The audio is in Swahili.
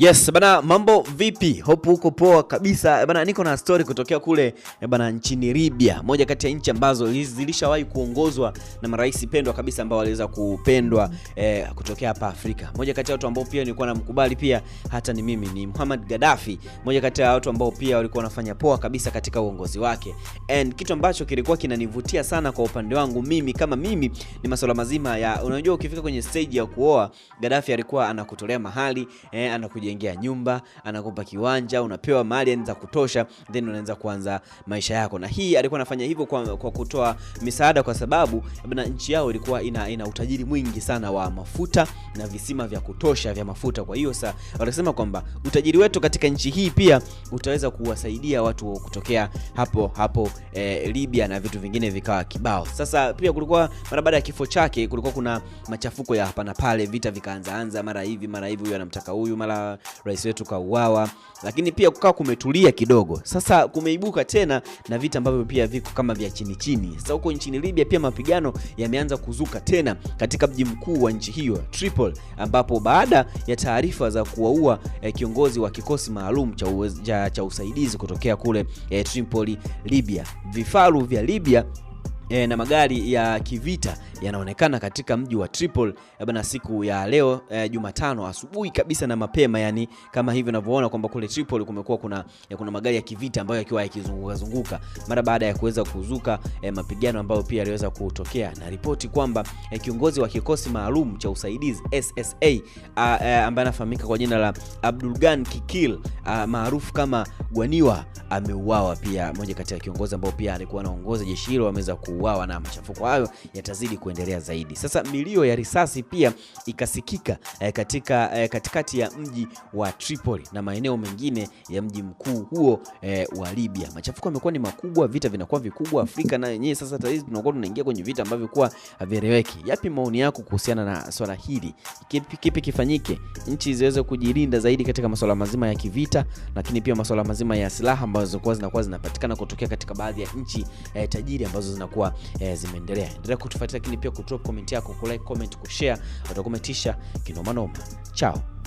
Yes, bana mambo vipi? Hope uko poa kabisa. Eh, bana niko na story kutokea kule eh, bana nchini Libya, moja kati ya nchi ambazo zilishawahi kuongozwa na marais pendwa kabisa ambao waliweza kupendwa eh, kutokea hapa Afrika. Moja kati ya watu ambao pia nilikuwa namkubali pia hata ni mimi ni Muhammad Gaddafi, moja kati ya watu ambao pia walikuwa wanafanya poa kabisa katika uongozi wake. And kitu ambacho kilikuwa kinanivutia sana kwa upande wangu mimi kama mimi ni masuala mazima ya unajua, ukifika kwenye stage ya kuoa, Gaddafi alikuwa anakutolea mahali eh, anakuja anakujengea nyumba, anakupa kiwanja, unapewa mali yaani za kutosha, then unaanza kuanza maisha yako. Na hii alikuwa anafanya hivyo kwa, kwa kutoa misaada, kwa sababu na nchi yao ilikuwa ina, ina utajiri mwingi sana wa mafuta na visima vya kutosha vya mafuta. Kwa hiyo sasa wanasema kwamba utajiri wetu katika nchi hii pia utaweza kuwasaidia watu kutokea hapo hapo eh, Libya na vitu vingine vikawa kibao. Sasa pia kulikuwa mara baada ya kifo chake kulikuwa kuna machafuko ya hapa na pale, vita vikaanza anza, mara hivi mara hivi, huyu anamtaka huyu, mara rais wetu kauawa, lakini pia kukaa kumetulia kidogo. Sasa kumeibuka tena na vita ambavyo pia viko kama vya chini chini. Sasa huko nchini Libya pia mapigano yameanza kuzuka tena katika mji mkuu wa nchi hiyo Tripoli, ambapo baada ya taarifa za kuwaua eh, kiongozi wa kikosi maalum cha, cha, cha usaidizi kutokea kule eh, Tripoli, Libya, vifaru vya Libya e, na magari ya kivita yanaonekana katika mji wa Tripoli bana siku ya leo e, Jumatano asubuhi kabisa na mapema, yani kama hivyo unavyoona kwamba kule Tripoli kumekuwa kuna, ya kuna magari ya kivita ambayo yakiwa yakizunguka zunguka mara baada ya kuweza kuzuka e, mapigano ambayo pia yaliweza kutokea, na ripoti kwamba e, kiongozi wa kikosi maalum cha usaidizi SSA e, ambaye anafahamika kwa jina la Abdulgan Kikil maarufu kama Gwaniwa ameuawa. Pia moja kati ya kiongozi ambao pia alikuwa anaongoza jeshi hilo ameweza ku kuuawa na machafuko hayo yatazidi kuendelea zaidi. Sasa milio ya risasi pia ikasikika eh, katika, eh, katikati ya mji wa Tripoli na maeneo mengine ya mji mkuu huo eh, wa Libya. Machafuko yamekuwa ni makubwa, vita vinakuwa vikubwa. Afrika na yenyewe sasa taizi tunakuwa tunaingia kwenye vita ambavyo kuwa havieleweki. Yapi maoni yako kuhusiana na swala hili? Kipi, kipi kifanyike nchi ziweze kujilinda zaidi katika masuala mazima ya kivita, lakini pia masuala mazima ya silaha ambazo zinakuwa zinapatikana kutokea katika baadhi ya nchi eh, tajiri ambazo zinakuwa e, zimeendelea. Endelea kutufuatilia, lakini pia kudrop comment yako, kulike comment, kushare, utakometisha kinomanoma chao.